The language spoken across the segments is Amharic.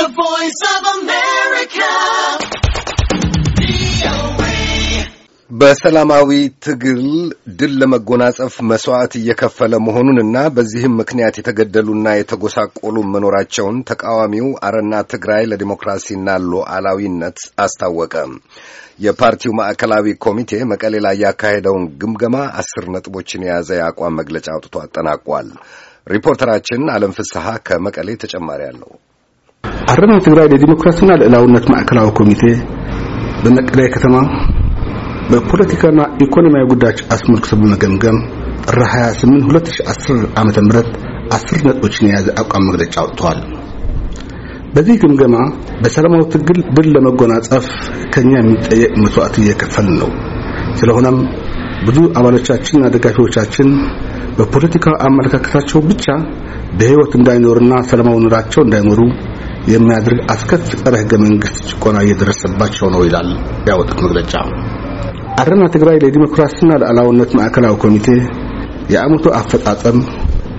The Voice of America. በሰላማዊ ትግል ድል ለመጎናጸፍ መስዋዕት እየከፈለ መሆኑንና በዚህም ምክንያት የተገደሉና የተጎሳቆሉ መኖራቸውን ተቃዋሚው አረና ትግራይ ለዲሞክራሲና ሉዓላዊነት አስታወቀ። የፓርቲው ማዕከላዊ ኮሚቴ መቀሌ ላይ ያካሄደውን ግምገማ አስር ነጥቦችን የያዘ የአቋም መግለጫ አውጥቶ አጠናቋል። ሪፖርተራችን አለም ፍስሐ ከመቀሌ ተጨማሪ አለው። ዓረና ትግራይ ለዲሞክራሲና ልዕላውነት ማዕከላዊ ኮሚቴ በመቀለ ከተማ በፖለቲካና ኢኮኖሚያዊ ጉዳዮች አስመልክቶ በመገምገም ጥር 28 2010 ዓመተ ምህረት 10 ነጥቦችን የያዘ አቋም መግለጫ አውጥተዋል። በዚህ ግምገማ በሰላማዊ ትግል ድል ለመጎናጸፍ ከኛ የሚጠየቅ መስዋዕት እየከፈልን ነው። ስለሆነም ብዙ አባሎቻችንና ደጋፊዎቻችን በፖለቲካ አመለካከታቸው ብቻ በህይወት እንዳይኖርና ሰላማዊ ኑራቸው እንዳይኖሩ የሚያደርግ አስከፊ ጸረ ህገ መንግስት ጭቆና እየደረሰባቸው ነው ይላል ያወጡት መግለጫ። አረና ትግራይ ለዲሞክራሲና ለሉዓላዊነት ማዕከላዊ ኮሚቴ የአመቱ አፈጣጠም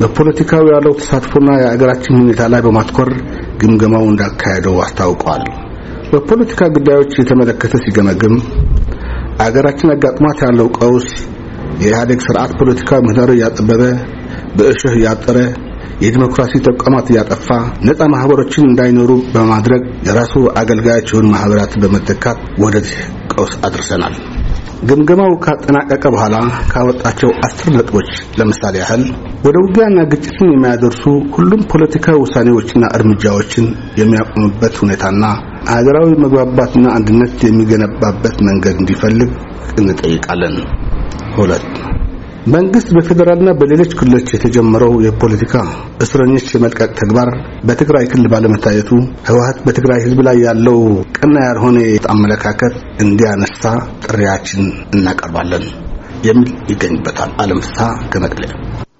በፖለቲካው ያለው ተሳትፎና የአገራችን ሁኔታ ላይ በማትኮር ግምገማው እንዳካሄደው አስታውቀዋል። በፖለቲካ ጉዳዮች የተመለከተ ሲገመግም አገራችን አጋጥሟት ያለው ቀውስ የኢህአዴግ ስርዓት ፖለቲካዊ ምህዳሩ እያጠበበ በእሾህ እያጠረ የዲሞክራሲ ተቋማት እያጠፋ ነፃ ማህበሮችን እንዳይኖሩ በማድረግ የራሱ አገልጋዮችን ማህበራት በመተካት ወደዚህ ቀውስ አድርሰናል። ግምገማው ካጠናቀቀ በኋላ ካወጣቸው አስር ነጥቦች ለምሳሌ ያህል ወደ ውጊያና ግጭትን የሚያደርሱ ሁሉም ፖለቲካዊ ውሳኔዎችና እርምጃዎችን የሚያቆምበት ሁኔታና ሀገራዊ መግባባትና አንድነት የሚገነባበት መንገድ እንዲፈልግ እንጠይቃለን። ሁለት መንግስት በፌዴራልና በሌሎች ክልሎች የተጀመረው የፖለቲካ እስረኞች የመልቀቅ ተግባር በትግራይ ክልል ባለመታየቱ ህወሀት በትግራይ ህዝብ ላይ ያለው ቅና ያልሆነ አመለካከት እንዲያነሳ ጥሪያችን እናቀርባለን የሚል ይገኝበታል። አለም ፍስሐ